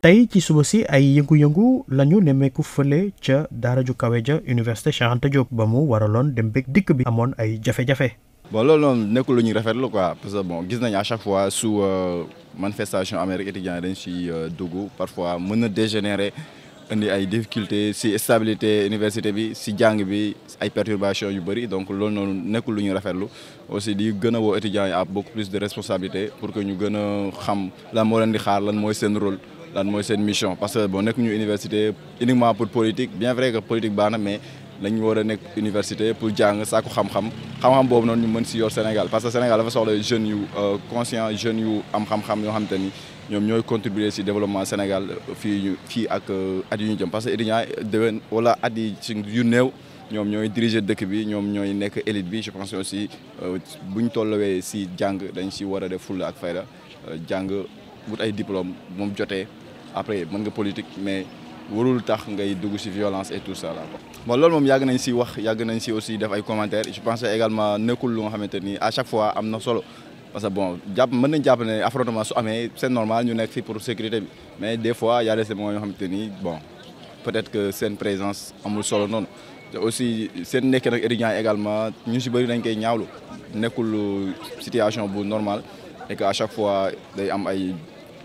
tey ci suba si ay yëngu-yëngu lañu nemmeeku fële ca daara ju kawe ja université Cheikh Anta ba mu waraloon dem beeg dikk bi amoon ay jafe-jafe. bon loolu noonu nekkul lu ñuy rafetlu quoi parce que bon gis nañ à chaque fois su euh, manifestation amérique étudiant dañ si euh, dugg parfois mën na dégénérer. indi ay difficulté si stabilité université bi si jàng bi ay perturbation yu bari donc loolu noonu nekk lu ñu rafetlu aussi di gën a woo étudiants yi à beaucoup plus de responsabilité pour que ñu gën a xam lan moo leen di xaar lan mooy seen rôle lan mooy seen mission parce que bon nekk ñu université uniquement pour politique bien vrai que politique baax na mais lañ war a nekk université pour jàng sàkku xam-xam xam boobu noonu ñu mën si yor Sénégal parce que Sénégal dafa soxla jeunes yu euh, conscient jeunes yu am xam-xam yoo xam te ni ñoom ñooy contribuer si développement Sénégal fii fii ak euh, at yu ñu jëm parce que étudiant déwén wala at yi si yu néew ñoom ñooy diriger dëkk bi ñoom ñooy nekk élite bi je pense aussi euh, bu ñu tollowee si jàng dañ si war a def fulla ak fayda jàng wut ay diplôme moom jotee après mën nga politique mais warul tax ngay dugg si violence et tout ça bon loolu moom yàgg nañ si wax yàgg nañ si aussi def ay commentaires je pense également nekkul lu nga xamante ni à chaque fois am na solo parce que bon jàpp mën nañ jàpp ne affrontement su amee ñu nekk fi pour sécurité bi mais des fois y a des moments yoo bon peut-être que seen présence amul solo noonu te aussi seen nekkee nag étudiants également ñu si bari nañ koy ñaawlu nekkul situation bu normal et que chaque fois day am ay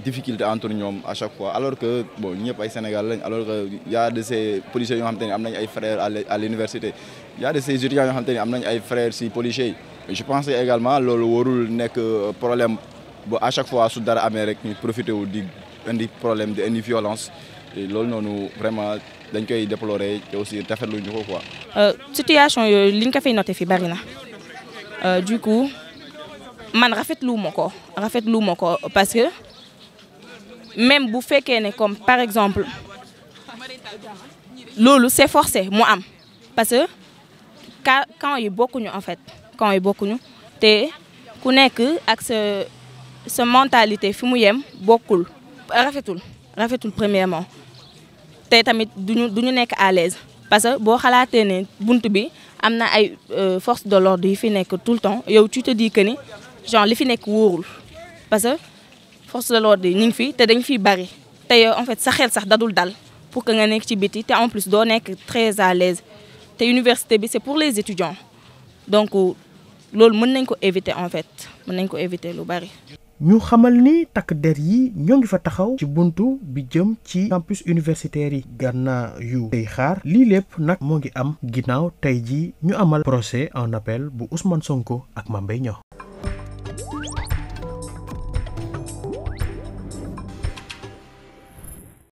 difficulté entre ñoom à chaque fois alors que bon ñëpp ay Sénégal lañ alors que y a de ces policiers yoo xam te ne am nañ ay frères à l'université y a de ces étudiants yoo xam te ne am nañ ay frères si policiers je pense également loolu warul nekk euh, problème bu à chaque fois su dara amee rek ñu profité wu di indi problème di indi violence loolu noonu vraiment dañ koy déplorer te aussi tafetlu ñu ko euh, situation yooyu ñu ko fay noté fi bari na euh, du coup man rafetlu ma ko rafetlu ma ko parce que. même bu fekkee ne comme par exemple loolu c'est forcé mu am parce que ka camp yi bokkuñu en fait camp yi bokkuñu te ku nekk ak sa sa mentalité fi mu yem bokkul rafetul rafetul premièrement te tamit duñu duñu nekk à l'aise parce que boo xalaatee ne bunt bi am na ay euh, force de l'ordre yi fi nekk tout le temps yow tu te dis ni genre li fi nekk wóorul parce force de l'ordre yi ñu ngi fi te dañ fiy bari te en fait sa xel sax dadul dal pour que nga nekk ci biti te en plus doo nekk très à l'aise te université bi c'est pour les étudiants donc loolu mën nañ ko éviter en fait mën nañ ko éviter lu bari. ñu xamal ni takk der yi ñoo ngi fa taxaw ci buntu bi jëm ci campus universitaire yi Gana yu tey xaar lii lépp nag moo ngi am ginnaaw tey ji ñu amal procès en appel bu Ousmane Sonko ak Mame Mbaye Niang